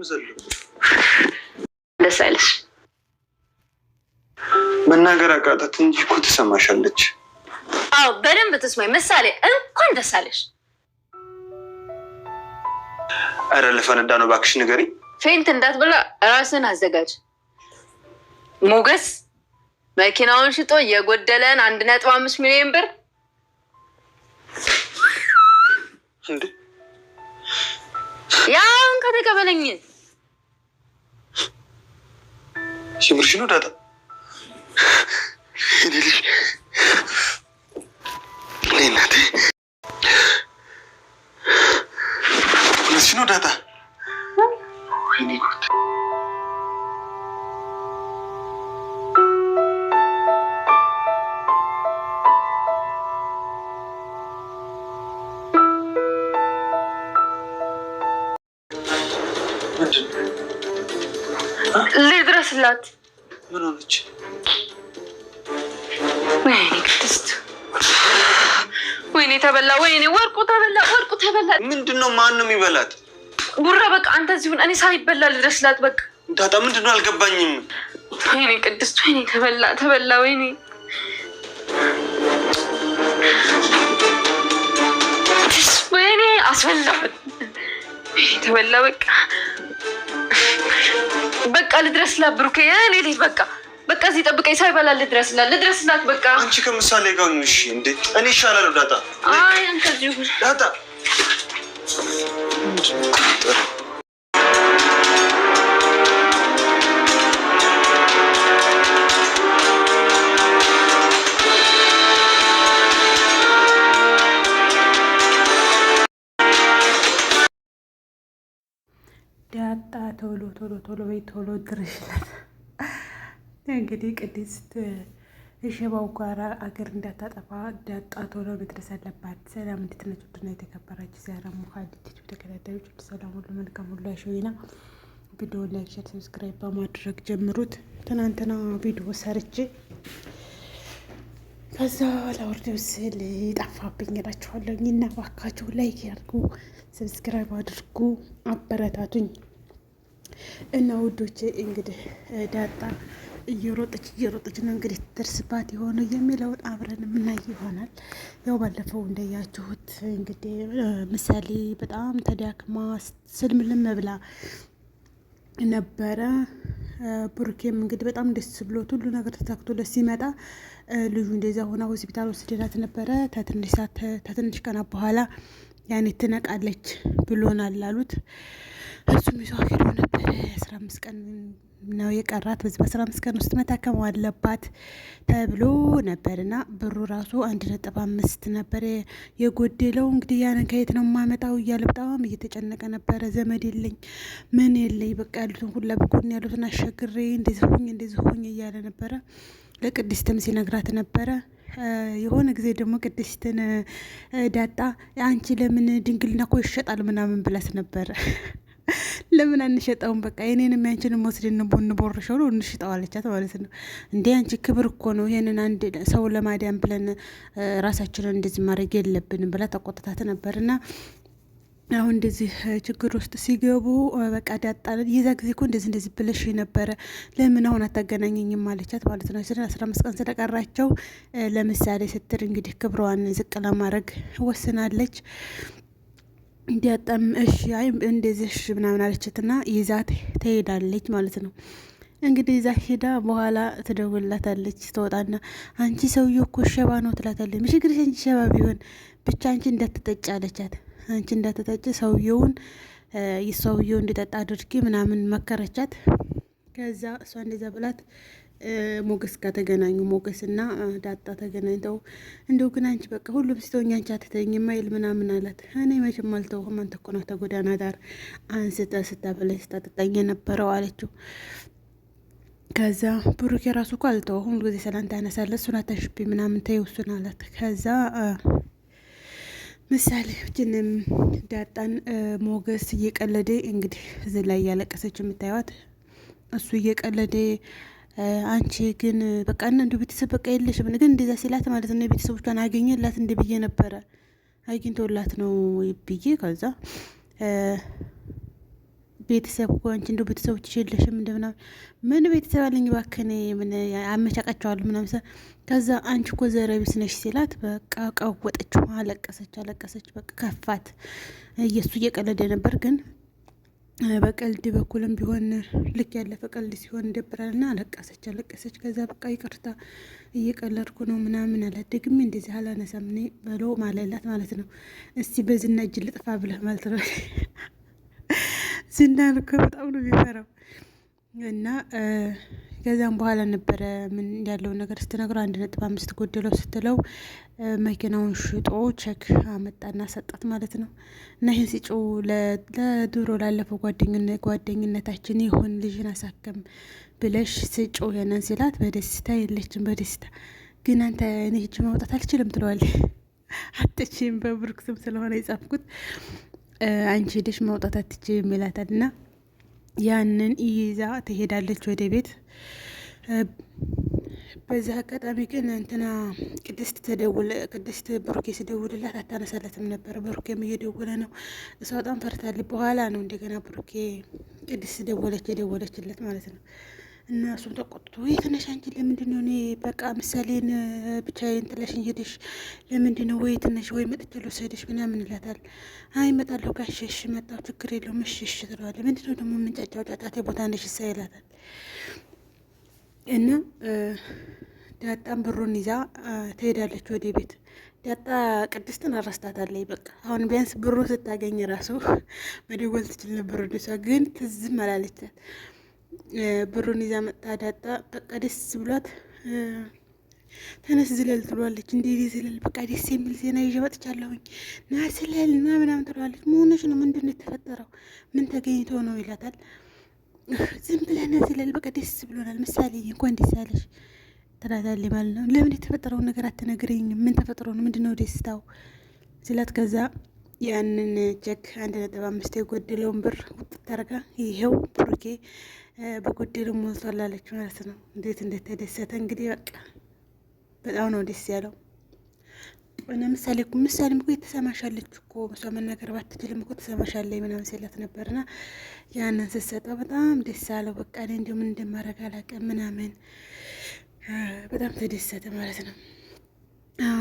የምዘለው ደስ አይለሽ። መናገር አቃጣት እንጂ እኮ ትሰማሻለች። አዎ በደንብ ትስማኝ። ምሳሌ እንኳን ደስ አለሽ። ነው እባክሽ ንገሪ። ፌንት እንዳትበላ ራስን አዘጋጅ። ሞገስ መኪናውን ሽጦ የጎደለን አንድ ነጥብ አምስት ሚሊዮን ብር ያውን ሲምርሽ ነው ዳጣ ልሽ እናቴ እውነትሽ ነው ዳጣ ናት። ምን ሆነች? ወይኔ ቅድስት፣ ወይኔ ተበላ፣ ወይኔ ወርቁ ተበላ፣ ወርቁ ተበላ። ምንድን ነው? ማን ነው የሚበላት? ቡራ፣ በቃ አንተ እዚሁን፣ እኔ ሳይበላ ልድረስላት። በቃ ዳጣ፣ ምንድን ነው? አልገባኝም። ወይኔ ቅድስት፣ ወይኔ ተበላ፣ ተበላ፣ ወይኔ ወይኔ፣ አስበላ፣ ተበላ፣ በቃ በቃ ልድረስላ ብሩኬ፣ እኔ ልጅ በቃ በቃ እዚህ ጠብቀኝ፣ ሳይበላ ልድረስላት ልድረስላት። በቃ አንቺ ከምሳሌ ጋር እሺ። እንዴ እኔ ይሻላል ዳጣ። አይ አንተ ዳጣ ቶሎ ቶሎ በይ ቶሎ ድርሽለን እንግዲህ ቅድስት እሽባው ጋር አገር እንዳታጠፋ ዳጣ ቶሎ መድረስ አለባት። ሰላም እንዴት ናችሁ? ድና የተከበራችሁ ዛራ ሙካድ ዩቲዩብ ተከታታዮች ሁሉ ሰላም፣ ሁሉ መልካም፣ ሁሉ አሸዊና ቪዲዮ ላይክ፣ ሸር፣ ሰብስክራይብ በማድረግ ጀምሩት። ትናንትና ቪዲዮ ሰርቼ ከዛ ላወርደው ስል ጠፋብኝ እላችኋለሁ እና ባካችሁ ላይክ ያድርጉ፣ ሰብስክራይብ አድርጉ፣ አበረታቱኝ። እና ውዶቼ እንግዲህ ዳጣ እየሮጠች እየሮጠች ነው እንግዲህ ትደርስባት የሆነ የሚለውን አብረን የምናይ ይሆናል። ያው ባለፈው እንደያችሁት እንግዲህ ምሳሌ በጣም ተዳክማ ስልምልም ብላ ነበረ። ብሩኬም እንግዲህ በጣም ደስ ብሎት ሁሉ ነገር ተሳክቶለት ሲመጣ ልዩ እንደዚያ ሆና ሆስፒታል ወስደናት ነበረ። ተትንሽ ቀናት በኋላ ያኔ ትነቃለች ብሎናል አሉት። እሱም ይዟት ሄዶ ነበረ። አስራ አምስት ቀን ነው የቀራት። በዚህ በአስራ አምስት ቀን ውስጥ መታከም አለባት ተብሎ ነበር እና ብሩ ራሱ አንድ ነጥብ አምስት ነበር የጎደለው። እንግዲህ ያንን ከየት ነው የማመጣው እያለ በጣም እየተጨነቀ ነበረ። ዘመድ የለኝ ምን የለኝ በቃ ያሉትን ሁላ በጎን ያሉትን አሸግሬ እንደዚህ ሆኝ እንደዚህ ሆኝ እያለ ነበረ። ለቅድስትም ሲነግራት ነበረ። የሆነ ጊዜ ደግሞ ቅድስትን ዳጣ አንቺ ለምን ድንግልና እኮ ይሸጣል ምናምን ብላት ነበረ። ለምን አንሸጠውም? በቃ የኔንም ያንችንም ወስድን እንቦርሸው ነው እንሽጠው አለቻት ማለት ነው። እንዲህ አንቺ ክብር እኮ ነው፣ ይህንን አንድ ሰው ለማዳን ብለን ራሳችንን እንደዚህ ማድረግ የለብንም ብላ ተቆጥታት ነበርና አሁን እንደዚህ ችግር ውስጥ ሲገቡ በቃ ዳጣ የዛ ጊዜ እኮ እንደዚህ እንደዚህ ብለሽ ነበረ ለምን አሁን አታገናኘኝም? አለቻት ማለት ነው። ስለ አስራ አምስት ቀን ስለቀራቸው ለምሳሌ ስትል እንግዲህ ክብረዋን ዝቅ ለማድረግ ወስናለች። እንዲያጣም እሺ አይ እንደዚህ እሺ ምናምን አለችትና ይዛት ትሄዳለች ማለት ነው። እንግዲህ ይዛ ሄዳ በኋላ ትደውላታለች። ትወጣና አንቺ ሰውዬ እኮ ሸባ ነው ትላታለች። ምሽግር አንቺ ሸባ ቢሆን ብቻ አንቺ እንዳትጠጭ አለቻት። አንቺ እንዳትጠጭ ሰውየውን ሰውየው እንዲጠጣ አድርጊ ምናምን መከረቻት። ከዛ እሷ እንደዛ ብላት ሞገስ ጋር ተገናኙ። ሞገስ እና ዳጣ ተገናኝተው እንደው ግን አንቺ በቃ ሁሉም ሲተውኝ አንቺ አትተኝ ማይል ምናምን አላት። እኔ መቼም አልተውህም አንተ እኮ ናት ዳር አንስተ ስታበላይ ስታጠጣኝ የነበረው አለችው። ከዛ ብሩክ የራሱ እኮ አልተውህም ሁሉ ጊዜ ሰላምታ ያነሳለ እሱን አታሽቢ ምናምን ተይው እሱን አላት። ከዛ ምሳሌዎችንም ዳጣን ሞገስ እየቀለደ እንግዲህ እዚህ ላይ እያለቀሰች የምታዩት እሱ እየቀለደ አንቺ ግን በቃ እና እንዲሁ ቤተሰብ በቃ ምን ግን እንደዛ ሲላት ማለት ነው የቤተሰቦቿን አገኘላት እንደ ብዬ ነበረ አግኝቶላት ነው ብዬ ከዛ ቤተሰብ እኮ አንቺ እንደው ቤተሰቦችሽ የለሽም እንደ ምን ቤተሰብ አለኝ እባክህን ምን አመቻቃቸዋለሁ ምናምን ከዛ አንቺ እኮ ዘረቢስ ነሽ ሲላት በቃ ቀወጠችው፣ አለቀሰች አለቀሰች በቃ ከፋት። እየሱ እየቀለደ ነበር ግን በቀልድ በኩልም ቢሆን ልክ ያለፈ ቀልድ ሲሆን ይደብራል። ና አለቀሰች አለቀሰች። ከዚያ በቃ ይቅርታ እየቀለድኩ ነው ምናምን አለ። ደግሜ እንደዚህ አላነሳም እኔ በሎ ማለላት ማለት ነው። እስቲ በዝና እጅ ልጥፋ ብለህ ማለት ነው። ዝናን እኮ በጣም ነው የሚፈራው እና ከዚያም በኋላ ነበረ ምን ያለውን ነገር ስትነግረው አንድ ነጥብ አምስት ጎደለው ስትለው መኪናውን ሽጦ ቼክ አመጣና ሰጣት ማለት ነው። እና ይህን ሲጮው ለድሮ ላለፈው ጓደኝነታችን ይሁን ልጅን አሳከም ብለሽ ስጮ የነን ሲላት በደስታ የለችም በደስታ ግን አንተ እኔ እጅ ማውጣት አልችልም ትለዋል። አትችም በብሩክ ስም ስለሆነ የጻፍኩት አንቺ ሄደሽ ማውጣት አትችም ይላታል እና ያንን ይዛ ትሄዳለች ወደ ቤት። በዚህ አጋጣሚ ግን እንትና ቅድስት ተደውለ ቅድስት ብሩኬ ሲደውልላት አታነሳለትም ነበር። ብሩኬም እየደወለ ነው። እሷ በጣም ፈርታለች። በኋላ ነው እንደገና ብሩኬ ቅድስት ደወለች የደወለችለት ማለት ነው። እና ተቆጥቶ የተነሽ አንቺ ለምንድን ነው እኔ በቃ ምሳሌን ብቻዬን ጥለሽኝ ሄደሽ ለምንድን ነው ወይ ትነሽ ወይ መጥቼ ልወስድሽ ምናምን ይላታል። አይ እመጣለሁ ጋሼ እሺ መጣሁ ችግር የለውም እሺ እሺ ትለዋለች። ምንድን ነው ደግሞ የምንጫጫው ጫጫቴ ቦታ ነሽ እሳ ይላታል። እና ዳጣም ብሩን ይዛ ትሄዳለች ወደ ቤት። ዳጣ ቅድስትን አረስታታለች። በቃ አሁን ቢያንስ ብሩ ስታገኝ ራሱ መደወል ትችል ነበር። ወደሷ ግን ትዝም አላለቻት ብሩን ይዛ መጣ ዳጣ። በቃ ደስ ብሏት ተነስ ዝለል ትሏለች። እንዴት ዝለል በቃ ደስ የሚል ዜና ይዤ መጥቻለሁኝ ና ስለል ና ምናምን ትሏለች። መሆነች ነው ምንድን ነው የተፈጠረው? ምን ተገኝቶ ነው ይላታል። ዝም ብለና ዝለል በቃ ደስ ብሎናል። ምሳሌ እንኳን ደስ ያለሽ ትላታለች ማለት ነው። ለምን የተፈጠረውን ነገር አትነግሪኝም? ምን ተፈጥሮ ነው? ምንድን ነው ደስታው? ስላት ከዛ ያንን ቼክ አንድ ነጥብ አምስት የጎደለውን ብር ውጥት አርጋ ይሄው ብሩኬ በጎደለው ሞልቷል ማለት ነው። እንዴት እንደተደሰተ እንግዲህ በቃ በጣም ነው ደስ ያለው። ለምሳሌ ምሳሌ እኮ የተሰማሻለች እኮ እሷ መናገር ባትችልም እኮ ተሰማሻለች ምናምን ሲላት ነበርና ያንን ስትሰጠው በጣም ደስ አለው። በቃ እኔ እንዲሁ ምን እንደማደርግ አላውቅም ምናምን በጣም ተደሰተ ማለት ነው።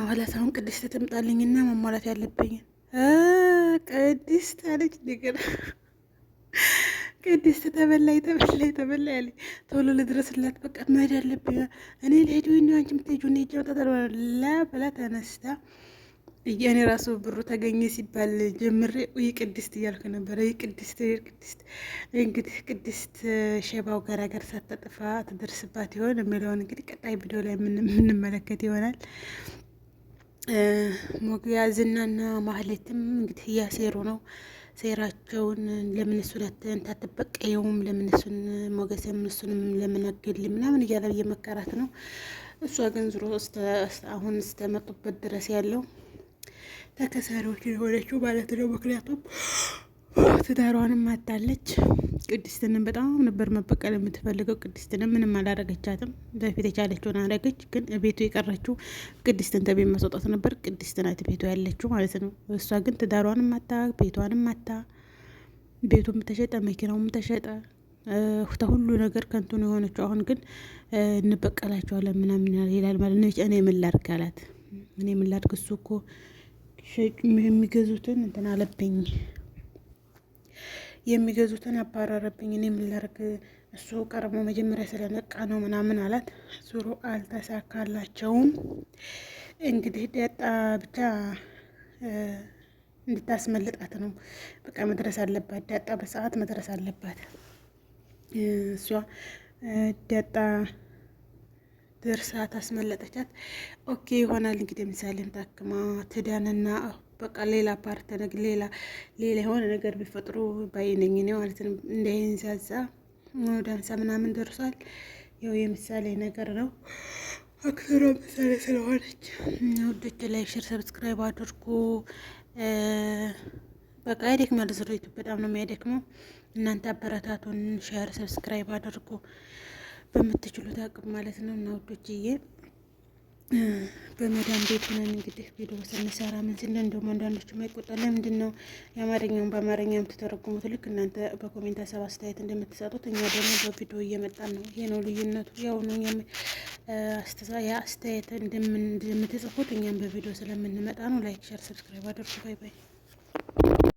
ኋላ ሳሁን ቅድስት ትምጣልኝና መሟላት ያለብኝን ቅድስት አለች ነገር ቅድስት ተበላይ ተበላይ ተበላይ አለች። ቶሎ ልድረስላት በቃ መሄድ አለብኝ እኔ ልሄድ ወይ ነው አንቺ የምትሄጂው እኔ ላ በላ ተነስታ እኔ ራሱ ብሩ ተገኘ ሲባል ጀምሬ ይ ቅድስት እያልኩ ነበረ። ይ ቅድስት ቅድስት እንግዲህ ቅድስት ሸባው ጋር ሀገር ትደርስባት ይሆን የሚለውን እንግዲህ ቀጣይ ቪዲዮ ላይ የምንመለከት ይሆናል። ሞጊያ ዝናና ማህሌትም እንግዲህ እያሴሩ ነው። ሴራቸውን ለምን እሱን አትበቀየውም? ለምን እሱን ሞገስ እሱንም ለምን አገል ምናምን እያለ እየመከራት ነው። እሷ ግን ዝሮ አሁን እስከመጡበት ድረስ ያለው ተከሳሪዎች የሆነችው ማለት ነው። ምክንያቱም ትዳሯንም አታለች ቅድስትንም በጣም ነበር መበቀል የምትፈልገው። ቅድስትንም ምንም አላረገቻትም። በፊት የቻለችውን አረገች፣ ግን ቤቱ የቀረችው ቅድስትን ተቤት መስወጣት ነበር። ቅድስት ናት ቤቱ ያለችው ማለት ነው። እሷ ግን ትዳሯንም ማታ ቤቷንም ማታ ቤቱም ተሸጠ፣ መኪናውም ተሸጠ፣ ሁሉ ነገር ከንቱ ነው የሆነችው። አሁን ግን እንበቀላቸዋለን ምናምን ይላል ማለት ነው። እኔ ምን ላድርግ አላት። እኔ ምን ላድርግ እሱ እኮ የሚገዙትን እንትን አለብኝ የሚገዙትን አባረረብኝ። እኔ ምን ላድርግ? እሱ ቀርሞ መጀመሪያ ስለነቃ ነው ምናምን አላት። ዙሮ አልተሳካላቸውም። እንግዲህ ደጣ ብቻ እንድታስመልጣት ነው። በቃ መድረስ አለባት ደጣ፣ በሰዓት መድረስ አለባት እሷ። ደጣ ድርሳ ታስመለጠቻት። ኦኬ ይሆናል እንግዲህ ምሳሌም ታክማ ትዳንና በቃ ሌላ ፓርት ሌላ ሌላ የሆነ ነገር ቢፈጥሩ ባይነኝ ነው ማለት ነው። እንደ ይንዛዛ ዳንሳ ምናምን ደርሷል። ያው የምሳሌ ነገር ነው። አክሰሯ ምሳሌ ስለሆነች ውዶች ላይ ሽር ሰብስክራይብ አድርጉ። በቃ ያደክማል። ዝሮይቱ በጣም ነው የሚያደክመው። እናንተ አበረታቱን። ሸር ሰብስክራይብ አድርጉ በምትችሉት አቅም ማለት ነው እና ውዶችዬ በመዳን ቤት ሆነን እንግዲህ ቪዲዮ ስንሰራ ምን ስለ እንደውም አንዳንዶች ማይቆጣ ለምንድን ነው የአማርኛውን በአማርኛ የምትተረጉሙት? ልክ እናንተ በኮሜንት ሀሳብ አስተያየት እንደምትሰጡት እኛ ደግሞ በቪዲዮ እየመጣን ነው። ይሄ ነው ልዩነቱ። ያው ነው የአስተያየት እንደምትጽፉት እኛም በቪዲዮ ስለምንመጣ ነው። ላይክ፣ ሸር፣ ሰብስክራይብ አድርጉ። ባይ ባይ።